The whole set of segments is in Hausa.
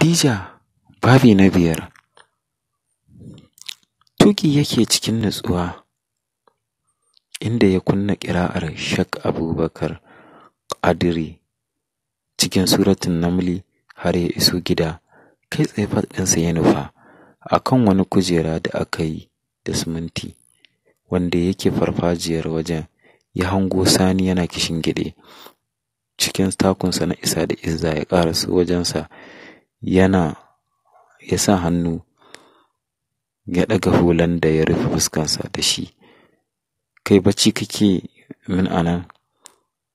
Khadija babi na biyar tuki yake cikin nutsuwa inda ya kunna ƙira'ar Shak Abubakar adiri cikin suratun Namli har ya iso gida kai tsaye ɗinsa ya nufa A kan wani kujera da aka yi da siminti wanda yake farfajiyar wajen ya hango Sani yana kishin gide cikin takunsa na isa da izza ya ƙaraso wajensa yana ya sa hannu ya ɗaga hulan da ya rufe fuskarsa da shi kai bacci kake min anan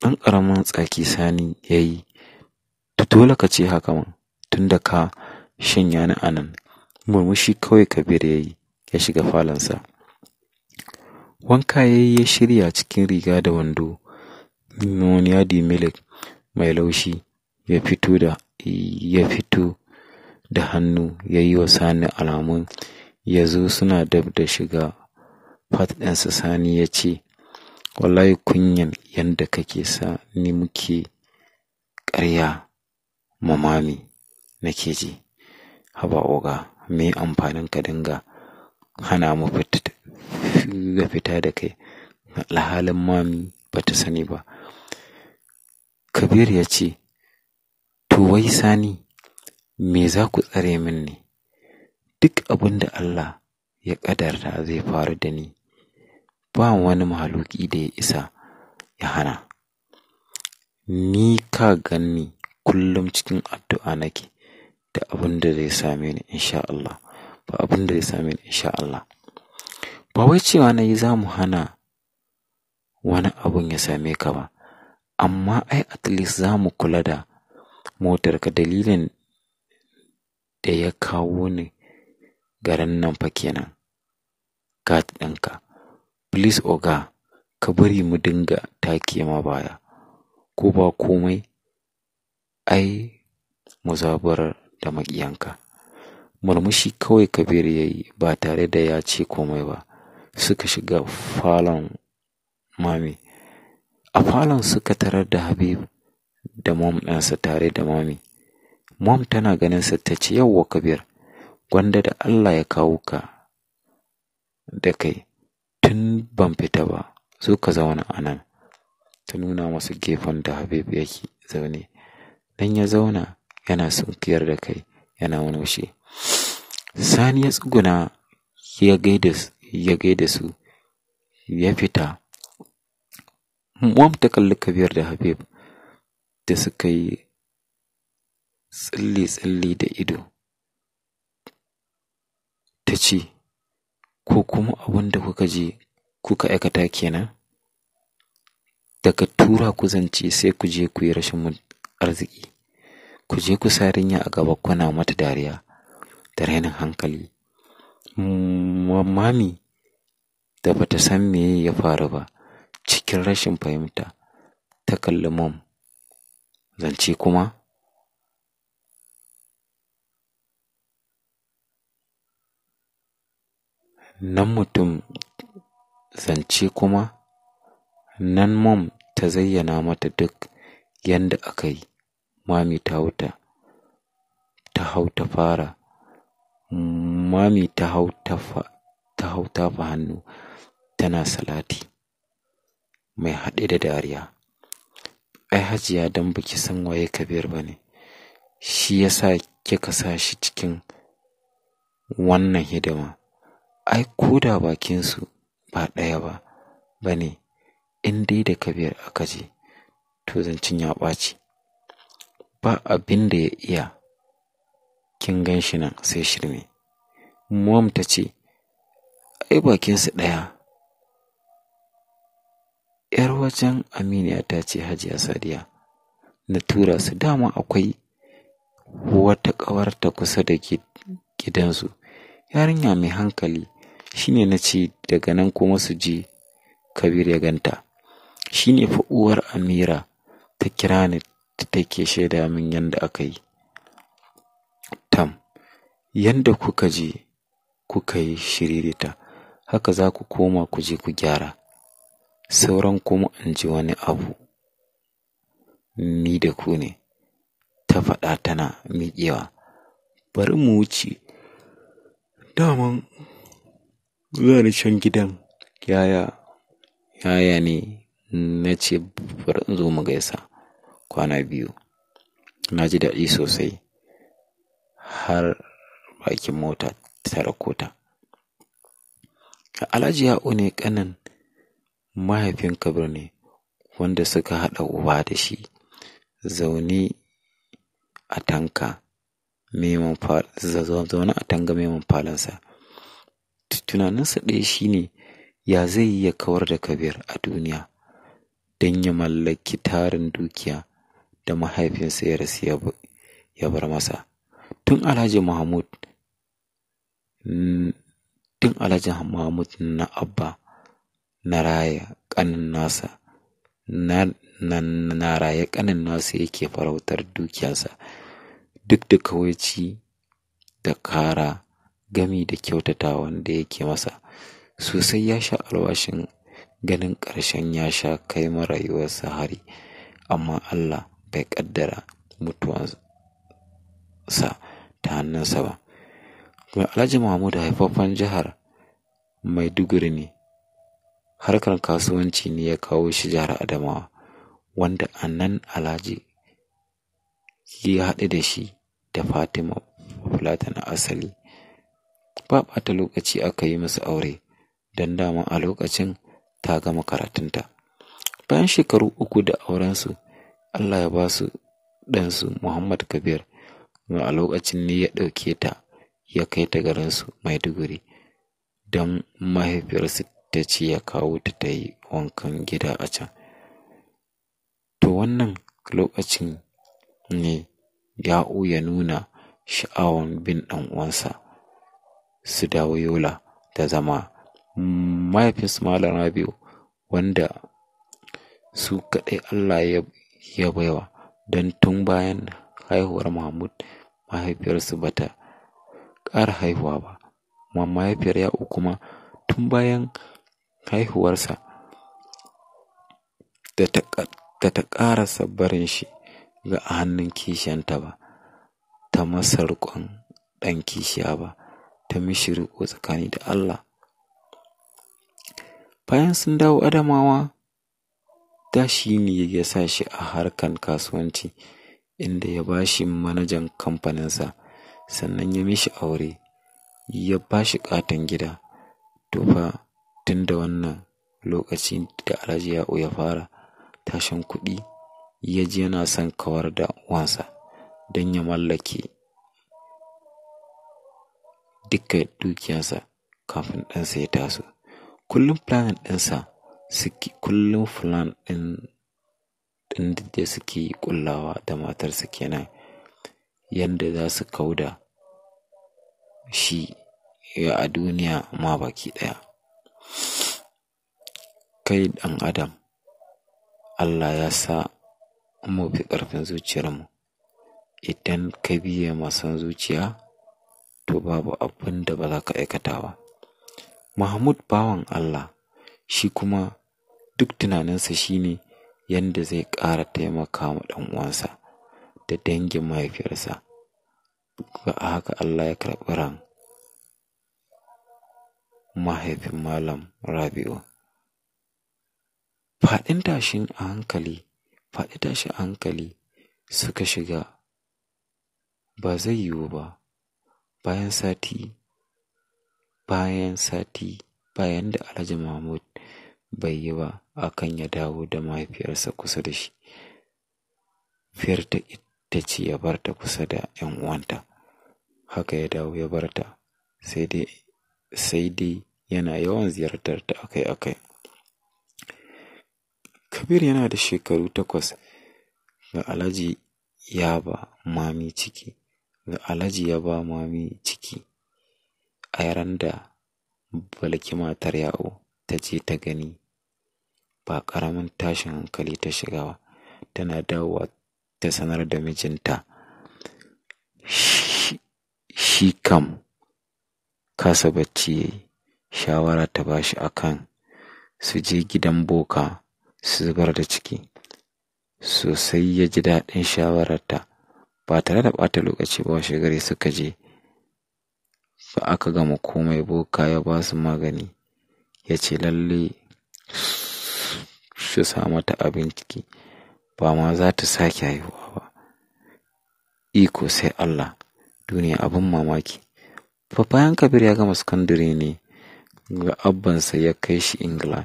ɗan ƙaramin tsaki sani ya yi dole ka ce haka man tun da ka shanya ni anan murmushi kawai kabir ya yi ya shiga falonsa wanka ya yi ya shirya cikin riga da wando wani yadi milik mai laushi ya fito da ya fito da hannu ya yi wa sani alamun ya zo suna dab da shiga fat ɗinsa sani ya ce wallahi kunyan yadda kake sa ni muke ƙarya mamami nake ji haba oga me amfanin ka dinga hana mu fita da kai alhalin mami ba ta sani ba kabir ya ce To wai sani, me za ku tsare min ne, duk abin da Allah ya ƙadarta zai faru da ni, ba wani mahaluki da ya isa ya hana. Ni ka ganni kullum cikin addu'a nake da abin da zai same ni insha Allah, ba abin da zai same ni insha Allah. Ba wai cewa na yi za mu hana wani abun ya same ka ba, amma ai at least za mu kula da motarka dalilin da ya kawo ni garin nan fa kenan Kat ɗinka. Please oga, ka bari mu dinga take ma baya, ko ba komai ai mu zabar da maƙiyanka. Murmushi kawai Kabir ya yi ba tare da ya ce komai ba, suka shiga falon mami. A falon suka tarar da Habib da mom ɗansa tare da mami. Mom tana ganin ganinsa ta ce yawwa, kabir, gwanda da Allah ya kawo ka da kai tun ban fita ba, zo ka zauna a nan. Ta nuna masu gefen da Habib yake zaune. Dan ya zauna yana sunkiyar da kai yana wani Sani ya tsuguna ya gaida su ya fita. Mom ta kalli kabir da Habib da suka yi tsalle-tsalle da ido ta ce, Ko kuma abin da kuka je kuka aikata kenan? Daga tura ku zance sai ku je ku yi rashin arziki, ku je ku rinya a gaba kuna mata dariya da rainin hankali. Mamami da bata san me ya faru ba, cikin rashin fahimta, ta kalli mom. zance kuma nan mutum zance kuma nan mom ta zayyana mata duk yadda aka yi mami ta wuta ta hau fara mami ta hau ta hannu tana salati mai haɗe da dariya ai hajiya dan baki san waye kabir ba ne shi ya sa kika sa shi cikin wannan hidima ai ko da bakinsu ba ɗaya ba ba ne in dai da kabir aka je to zancin ya ɓaci ba abin da ya iya kin gan shi nan sai shirme mom ta ce ai bakinsu ɗaya 'yar wajen aminiya ta ce hajiya sadiya na tura su dama akwai wata ƙawarta kusa da gidansu yarinya mai hankali shine na ce daga nan kuma su ji kabir ya ganta shine fa uwar amira ta kira ni ta take shaida min yadda aka yi tam yadda kuka je kuka yi shiririta haka za ku koma ku je ku gyara sauran kuma in ji wani abu ni da ku ne ta faɗa tana miƙewa bari mu wuce daman zuwa da can gidan yaya yaya ne na ce bari in zo mu gaisa kwana biyu na ji daɗi sosai har bakin mota ta rakota alhaji ya'u ne kanan mahaifin Kabir ne, wanda suka haɗa uba da shi, zaune a Tanka, Meman Falansa. Tunaninsa ɗaya shi ne, ya zai yi ya kawar da Kabir a duniya don ya mallaki tarin dukiya da mahaifinsa ya rasu ya bar masa. Tun Alhaji Mahmud na Abba na raya ƙanin nasa na raye ƙanin nasa yake farautar dukiyarsa duk da kawaici da kara gami da kyautata wanda yake masa sosai ya sha alwashin ganin ƙarshen ya sha kai marayuwarsa hari amma Allah bai ƙaddara mutuwansa ta hannunsa ba. Alhaji Mahmud haifafan jihar Maiduguri ne harkar kasuwanci ne ya kawo shi jihar Adamawa wanda a nan Alhaji ya haɗu da shi da Fatima Fulata na asali ba ɓata lokaci aka yi musu aure don dama a lokacin ta gama karatunta bayan shekaru uku da aurensu Allah ya ba su ɗansu Muhammad Kabir kuma a lokacin ne ya ɗauke ta ya kai ta garinsu Maiduguri don mahaifiyarsu ta ce ya kawo ta ta yi wankan gida a can to wannan lokacin ne ya'u ya nuna sha'awan bin ɗan'uwansa su dawo yola da zama mahaifinsu malam rabiu wanda su kaɗai allah ya baiwa don tun bayan haihuwar mahmud mahaifiyarsu ta ƙara haihuwa ba amma mahaifiyar ya'u kuma tun bayan haihuwarsa da ta ƙarasa barin shi ga a hannun kishiyanta ba, ta masa riƙon ɗan kishiya ba, ta mishi riƙo tsakani da Allah. Bayan sun dawo Adamawa, da shi ne ya sa shi a harkan kasuwanci inda ya ba shi manajan kamfaninsa, sannan ya mishi aure, ya ba shi ƙaton gida, tufa tun da wannan lokacin da Alhaji Ya'u ya fara tashin kuɗi ya ji yana son kawar da wansa don ya mallake duka dukiyarsa kafin ɗansa ya taso. Kullum plan ɗinsa suke kullum plan ɗin ɗin da suke kullawa da matarsa kenan yadda za su kauda shi a duniya ma baki ɗaya. kai ɗan adam Allah ya sa mu fi ƙarfin zuciyarmu idan ka biye masan zuciya to babu abin da ba za ka aikata ba Mahmud bawan Allah shi kuma duk tunaninsa shine yadda zai ƙara taimaka ma ɗan uwansa da dangin mahaifiyarsa ga haka Allah ya karɓi ran mahaifin malam Rabi'u faɗin tashin a hankali faɗi tashi a hankali suka shiga ba zai yiwu ba bayan sati bayan sati bayan da alhaji mahmud bai yi ba akan ya dawo da mahaifiyarsa kusa da shi fiyar ta ita ce ya barta kusa da yan uwanta haka ya dawo ya bar ta sai dai yana yawan ziyartar ta akai-akai kabir yana da shekaru takwas da alhaji ya ba mami ciki da alhaji ya ba mami ciki a yaran da balki matar yawo ta je ta gani ba ƙaramin tashin hankali ta shigawa. tana dawowa ta sanar da mijinta shi kam kasa bacci shawara ta bashi akan su je gidan boka su zubar da ciki sosai ya ji daɗin shawararta ba tare da ɓata lokaci ba washe gari suka je ba aka gama komai boka ya ba su magani ya ce lalle su samu ta abin ciki ba ma za ta sake haihuwa ba iko sai Allah duniya abin mamaki fa bayan kabir ya gama sakandare ne ga abbansa ya kai shi ingila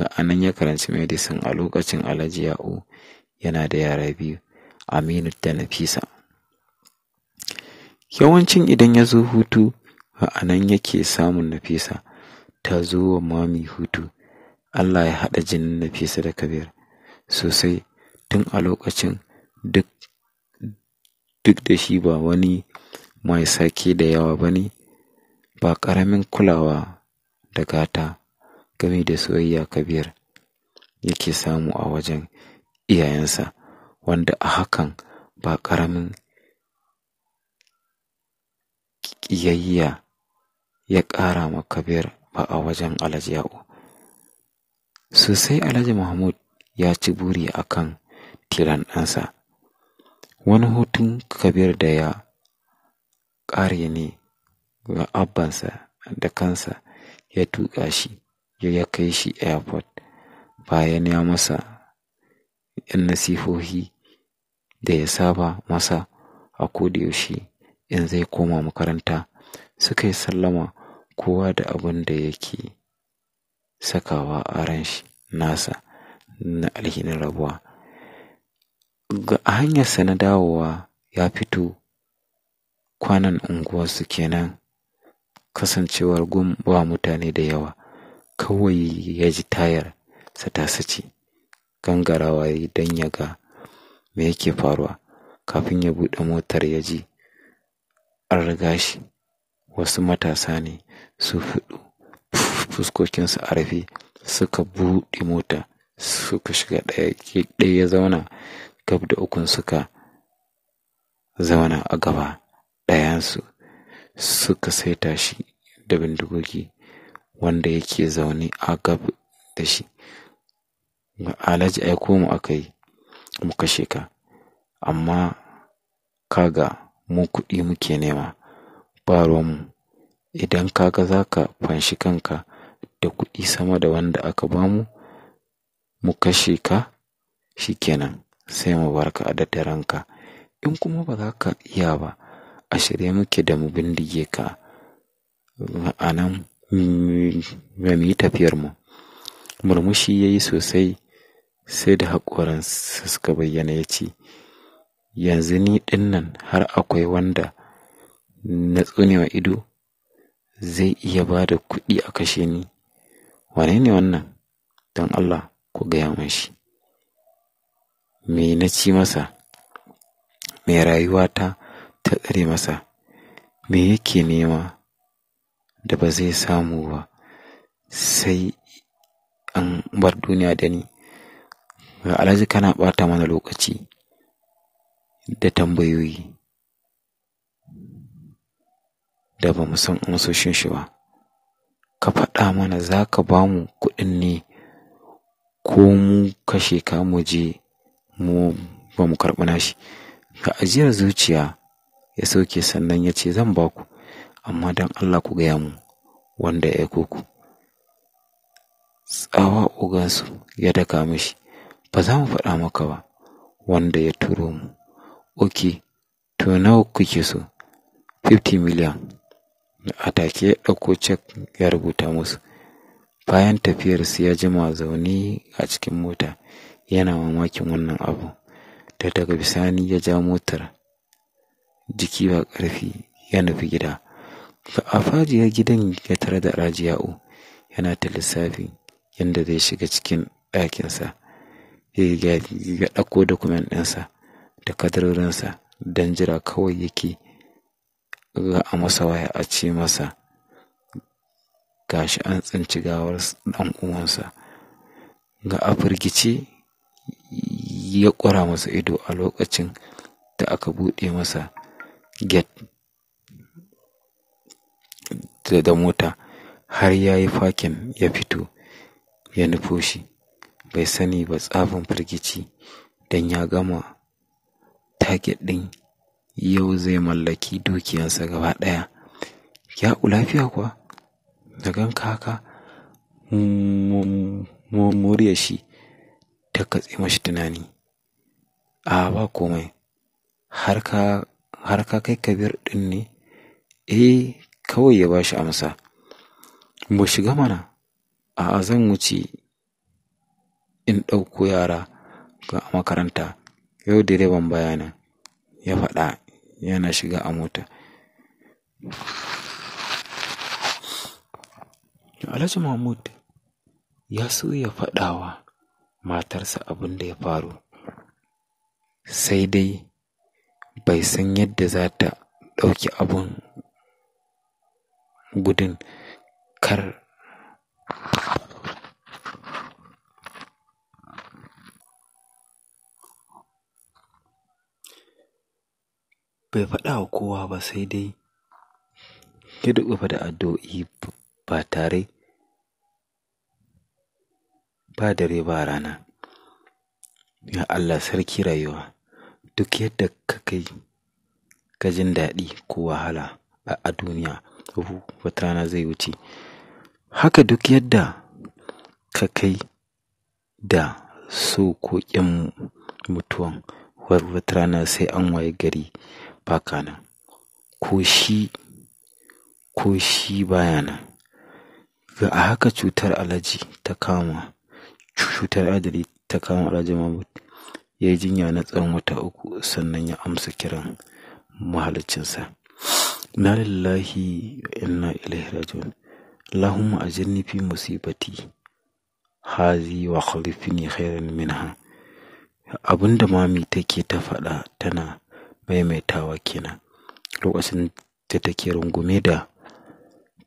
a nan ya karanci medicine a lokacin alhaji ya'u yana da yara biyu aminu da nafisa yawancin idan ya zo hutu a nan yake samun nafisa ta zo wa mami hutu allah ya haɗa jinin nafisa da kabir sosai tun a lokacin duk duk da shi ba wani mai sake da yawa ba ne ba ƙaramin kulawa da gata game da soyayya kabir yake samu a wajen iyayensa wanda a hakan ba ƙaramin ƙiyayya ya ƙara ma kabir ba a wajen alhaji sosai alhaji mahmud ya ci buri a kan tilan ɗansa wani hutun kabir da ya ƙare ne ga abbansa da kansa ya tuƙa shi ya kai shi airport bayan ya masa yan nasihohi da ya saba masa a yaushe in zai koma makaranta suka yi sallama kowa da abin da yake sakawa a ran shi nasa na alhinin rabuwa ga hanyarsa na dawowa ya fito kwanan unguwarsu kenan kasancewar gum ba mutane da yawa kawai ya ji tayar sa ta sace gangarawa don ya ga me yake faruwa kafin ya buɗe motar ya ji an riga shi wasu matasa ne su fudu fuskokinsu a rufe suka buɗe mota suka shiga ɗaya ya zauna gab da ukun suka zauna a gaba ɗayansu suka saita shi da bindigogi wanda yake zaune a gab da shi alhaji aiko mu aka yi mu kashe ka amma kaga mu kuɗi muke nema ba mu idan kaga za ka fanshi kanka da kuɗi sama da wanda aka bamu mu kashe ka Shi kenan, sai mu barka a ka in kuma ba za ka iya ba a shirye muke da mu bindige ka a ga mu tafiyar mu murmushi ya yi sosai sai da haƙoransa suka bayyana ya ce yanzu ni ɗin har akwai wanda na tsunewa ido zai iya ba da kuɗi a kashe ni wane ne wannan don allah ku gaya mun shi. me na ci masa me rayuwata ta tsare masa me yake nema da ba zai samu ba sai an bar duniya da ni ga alhaji kana ɓata mana lokaci da tambayoyi da ba mu san amsoshin shi ba ka faɗa mana za ka ba mu kuɗin ne ko mu kashe ka mu je mu ba mu karɓi shi ga ajiyar zuciya ya sauke sannan ya ce zan ba ku amma don Allah ku gaya mu wanda ya ku tsawa ugansu ya daka mishi ba za mu faɗa maka ba wanda ya turo mu ok to nawa kuke so 50 miliyan a take ya ɗauko cek ya rubuta musu bayan tafiyarsu ya jima zaune a cikin mota yana mamakin wannan abu da daga bisani ya ja motar jiki ba ƙarfi ya nufi gida A fajiyar gidan ya tare da Rajiya'u yana ta lissafi yadda zai shiga cikin ɗakinsa, ya yi ɗauko dokumen ɗinsa da kadarorinsa don jira kawai yake Ga a masa waya a ce masa gashi an tsinci gawar ɗan uwansa ga a firgice ya ƙura masa ido a lokacin da aka buɗe masa get da mota har ya yi fakin ya fito ya nufo shi bai sani ba tsafin firgici don ya gama taƙi ɗin yau zai mallaki dukiyansa gaba ɗaya ya lafiya kuwa da gan kaka murya shi ta katse mashi tunani a ba komai har ka kai kabir ɗin ne eh kawai ya ba shi amsa mu shiga mana a'a zan wuce in ɗauko yara ga makaranta yau direban bayana ya faɗa yana shiga a mota alhaji mahmud ya so ya faɗawa matarsa abin da ya faru sai dai bai san yadda za ta ɗauki abin gudun kar bai faɗa wa kowa ba sai dai ya duɓufa da addu'o'i ba tare ba dare ba rana ya Allah sarki rayuwa duk yadda ka kai ka jin daɗi ko wahala a duniya abu wata rana zai wuce haka duk yadda ka kai da so ko ƙin mutuwan wata rana sai an waye gari ba kanan ko shi ko shi baya nan ga a haka cutar alaji ta kama cutar adali ta kama alaji mamut ya yi jinya na tsawon wata uku sannan ya amsa kiran mahalicinsa. na lillahi wa inna ilaihi raji'un اللهم a في musibati hazi wa khalifini khairan minha abin da mami take ta faɗa tana maimaitawa kenan lokacin da take rungume da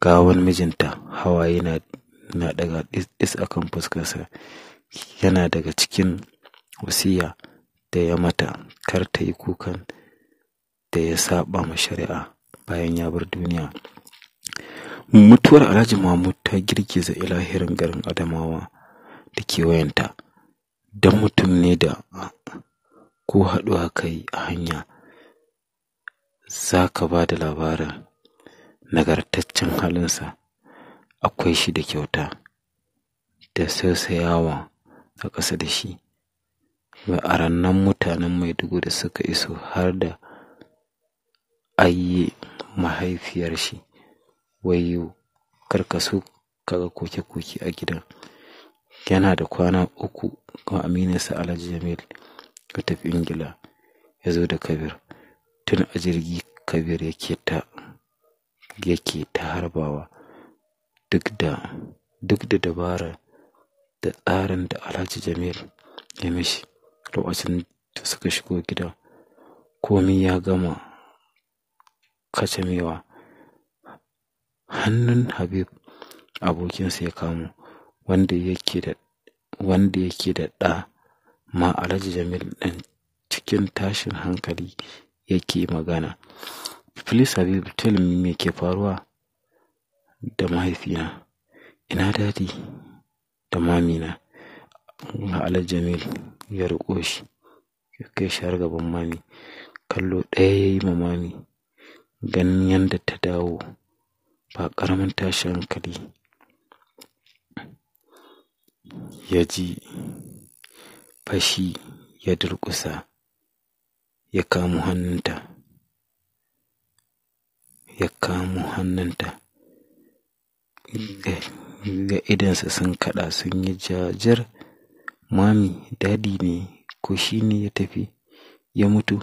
gawan mijinta hawa na na daga is akan fuskarsa yana daga cikin wasiya da ya mata kar ta yi kukan da ya saba ma shari'a bayan ya bar duniya mutuwar alhaji mahmud ta girgiza ilahirin garin adamawa da kewayenta don mutum ne da ko haɗuwa kai a hanya za ka ba da labarin nagartaccen halinsa akwai shi da kyauta da sausayawa a ƙasa da shi mai arannan mutanen maiduguri suka iso har da ayye mahaifiyar shi wayyo karkasu kaga koke-koke a gidan yana da kwana uku kan amininsa alhaji jamil ya tafi ingila ya zo da kabir tun a jirgi kabir yake ta yake ta harbawa duk da duk da dabara da tsarin da alhaji jamil ya mishi lokacin da suka shigo gida komi ya gama kacamewa. Hannun Habib abokinsa ya kamu wanda yake da ɗa ma Alhaji Jamil ɗan cikin tashin hankali yake magana. filis Habib tell me me ke faruwa da mahaifina. Ina dadi da mamina. Alhaji Jamil ya riƙo shi ya kai shi har gaban mami. Kallo ɗaya ya yi ma mami. ganin yadda ta dawo ba ƙaramin tashin hankali ya ji fashi ya durƙusa ya kamu hannunta ya kamu hannunta ga idansa sun kaɗa sun yi jajar? mami dadi ne ko shi ne ya tafi ya mutu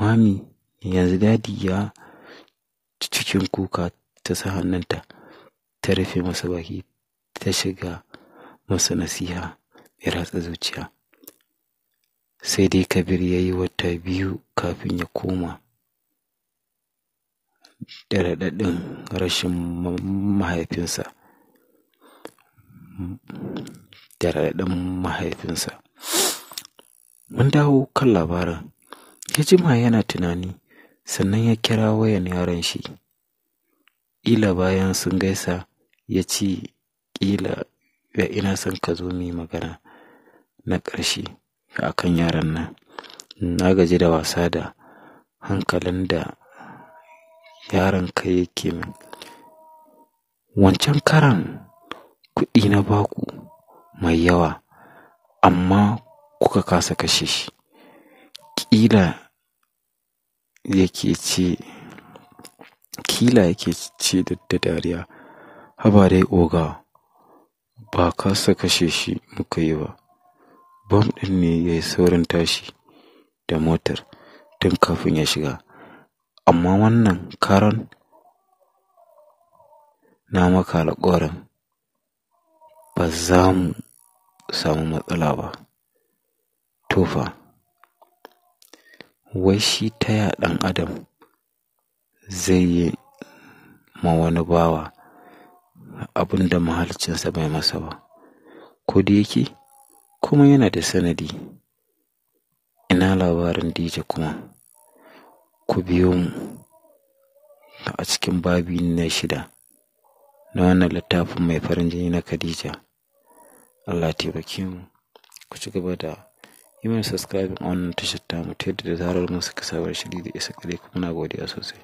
mami Yanzu dadi ya cikin kuka ta sa hannunta ta rufe masa baki ta shiga masa nasiha ya ratsa zuciya. Sai dai Kabir ya yi wata biyu kafin ya koma da raɗaɗin rashin mahaifinsa. Da raɗaɗin mahaifinsa. Mun dawo kan labarin. Ya jima yana tunani sannan ya kira wayan yaron shi Ila bayan sun gaisa ya ci, ƙila ya ina son ka zo mi magana na ƙarshe a kan yaran nan na gaji da wasa da hankalin da yaron ka yake min wancan karan kuɗi na baku mai yawa amma kuka kasa kashe shi ƙila yake ce kila yake ce da dariya haba dai oga ba kasa kashe shi muka yi ba bam ɗin ne ya yi saurin tashi da motar tun kafin ya shiga amma wannan karon na maka alƙawarin ba za mu samu matsala ba Tufa. wai shi taya ɗan adam zai yi ma wani bawa abin da mahalicinsa bai masa ba ko da yake kuma yana da sanadi ina labarin Dija kuma ku biyo mu a cikin babi na shida na wannan littafin mai farin jini na khadija allah taimake mu ku ci gaba da yi mana subscribing a wannan tashar tamu ta yadda da zarar mun saki sabon shiri da isa gare ku muna godiya sosai